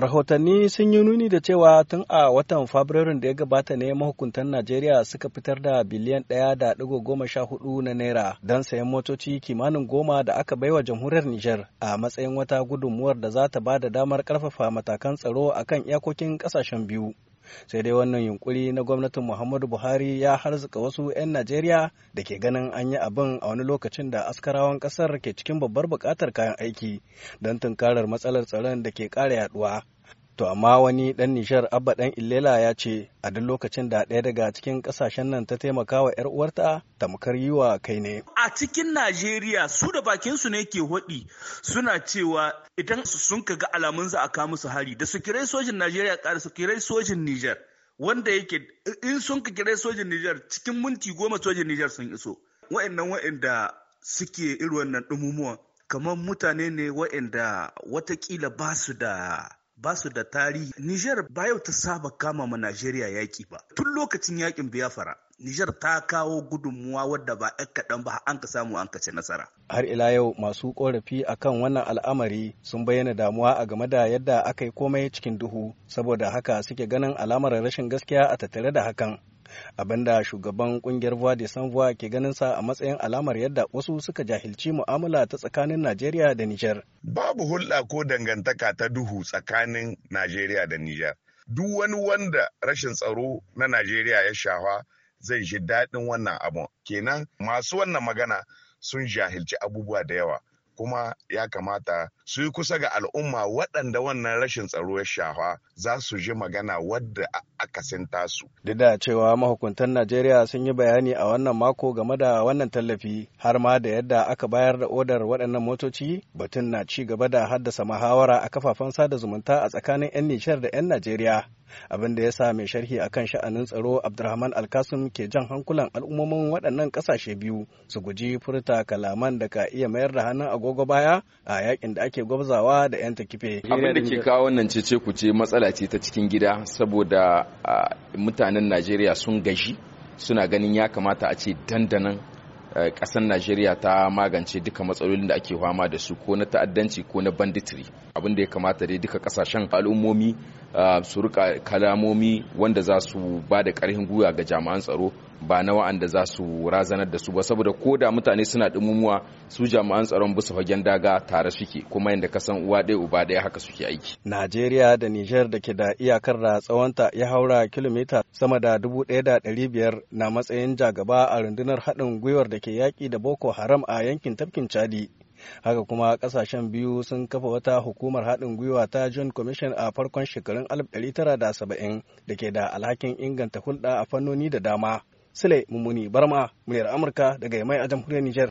rahotanni sun yi nuni da cewa tun a watan fabrairun da ya gabata ne mahukuntan najeriya suka fitar da biliyan ɗaya da ɗigo goma sha hudu na naira don sayan motoci kimanin goma da aka baiwa jamhuriyar nijar a matsayin wata gudunmuwar da za ta ba da damar ƙarfafa matakan tsaro akan iyakokin ƙasashen biyu sai dai wannan yunkuri na gwamnatin muhammadu buhari ya harzuka wasu 'yan najeriya da ke ganin an yi abin a wani lokacin da askarawan kasar ke cikin babbar bukatar kayan aiki don tunkarar matsalar tsaron da ke kara yaduwa To amma wani ɗan nishar Abba dan Illela ya ce a duk lokacin da ɗaya daga cikin ƙasashen nan ta taimaka wa ‘yar uwarta tamkar yi wa kai ne. A cikin Najeriya su da bakin su ne ke hoɗi suna cewa idan sun kaga za a kawo musu hari da su kirai sojin Najeriya ƙara su kirai sojin Nijar wanda yake in sun ka kirai sojin Nijar cikin minti goma sojin Nijar sun iso. Wa'annan wa'anda suke irin wannan ɗumumuwa kamar mutane ne wa'anda watakila ba su da ba su da tarihi Nijar ba yau ta saba kama ma Najeriya yaƙi ba tun lokacin yaƙin Biafra Nijar ta kawo gudunmuwa wadda ba ‘yan kaɗan ba an ka samu an ci nasara. Har ila yau masu ƙorafi a kan wannan al'amari sun bayyana damuwa a game da yadda aka yi komai cikin duhu saboda haka suke ganin alamar rashin gaskiya a tattare da hakan. abinda shugaban kungiyar voa de san ke ganin sa a matsayin alamar yadda wasu suka jahilci mu'amala ta tsakanin najeriya da nijar babu hulɗa ko dangantaka ta duhu tsakanin najeriya da nijar duk wani wanda rashin tsaro na najeriya ya shafa zai ji daɗin wannan abu kenan masu wannan magana sun jahilci abubuwa da yawa kuma ya kamata su yi kusa ga al'umma waɗanda wannan rashin tsaro ya shafa za su ji magana wadda akasin tasu. Duk da cewa mahukuntan Najeriya sun yi bayani a wannan mako game da wannan tallafi har ma da yadda aka bayar da odar waɗannan motoci batun na ci gaba da haddasa muhawara a kafafen sada zumunta a tsakanin 'yan Nijar da 'yan Najeriya. abin da ya sa mai sharhi akan sha'anin tsaro abdulrahman alkasim ke jan hankulan al'ummomin waɗannan ƙasashe biyu su guji furta kalaman da ka iya mayar da hannun agogo baya a yakin da ake gwabzawa da 'yan takife. Abin da ke kawo wannan cece ku ce matsala ce ta cikin gida saboda mutanen Najeriya sun gaji suna ganin ya kamata a ce dandanan kasar eh, najeriya ta magance duka matsalolin da ake fama da su ko na ta'addanci ko na banditiri abin da ya kamata dai duka kasashen al'ummomi eh, su rika kalamomi wanda za su ba da ƙarfin gwiwa ga jami'an tsaro ba na wa'anda za su razanar da su ba saboda ko da mutane suna dumumuwa su jami'an tsaron bisa fagen daga tare suke kuma yadda ka san uwa ɗaya uba ɗaya haka suke aiki. Najeriya da Nijar da ke da iyakar da tsawonta ya haura kilomita sama da dubu ɗaya da ɗari biyar na matsayin jagaba a rundunar haɗin gwiwar da ke yaƙi da Boko Haram a yankin tafkin Chadi. Haka kuma kasashen biyu sun kafa wata hukumar haɗin gwiwa ta Joint Commission a farkon shekarun 1970 da ke da alhakin inganta hulɗa a fannoni da dama. Sule Mummuni Barma, muryar Amurka daga Yamai a jamhuriyar Nijar.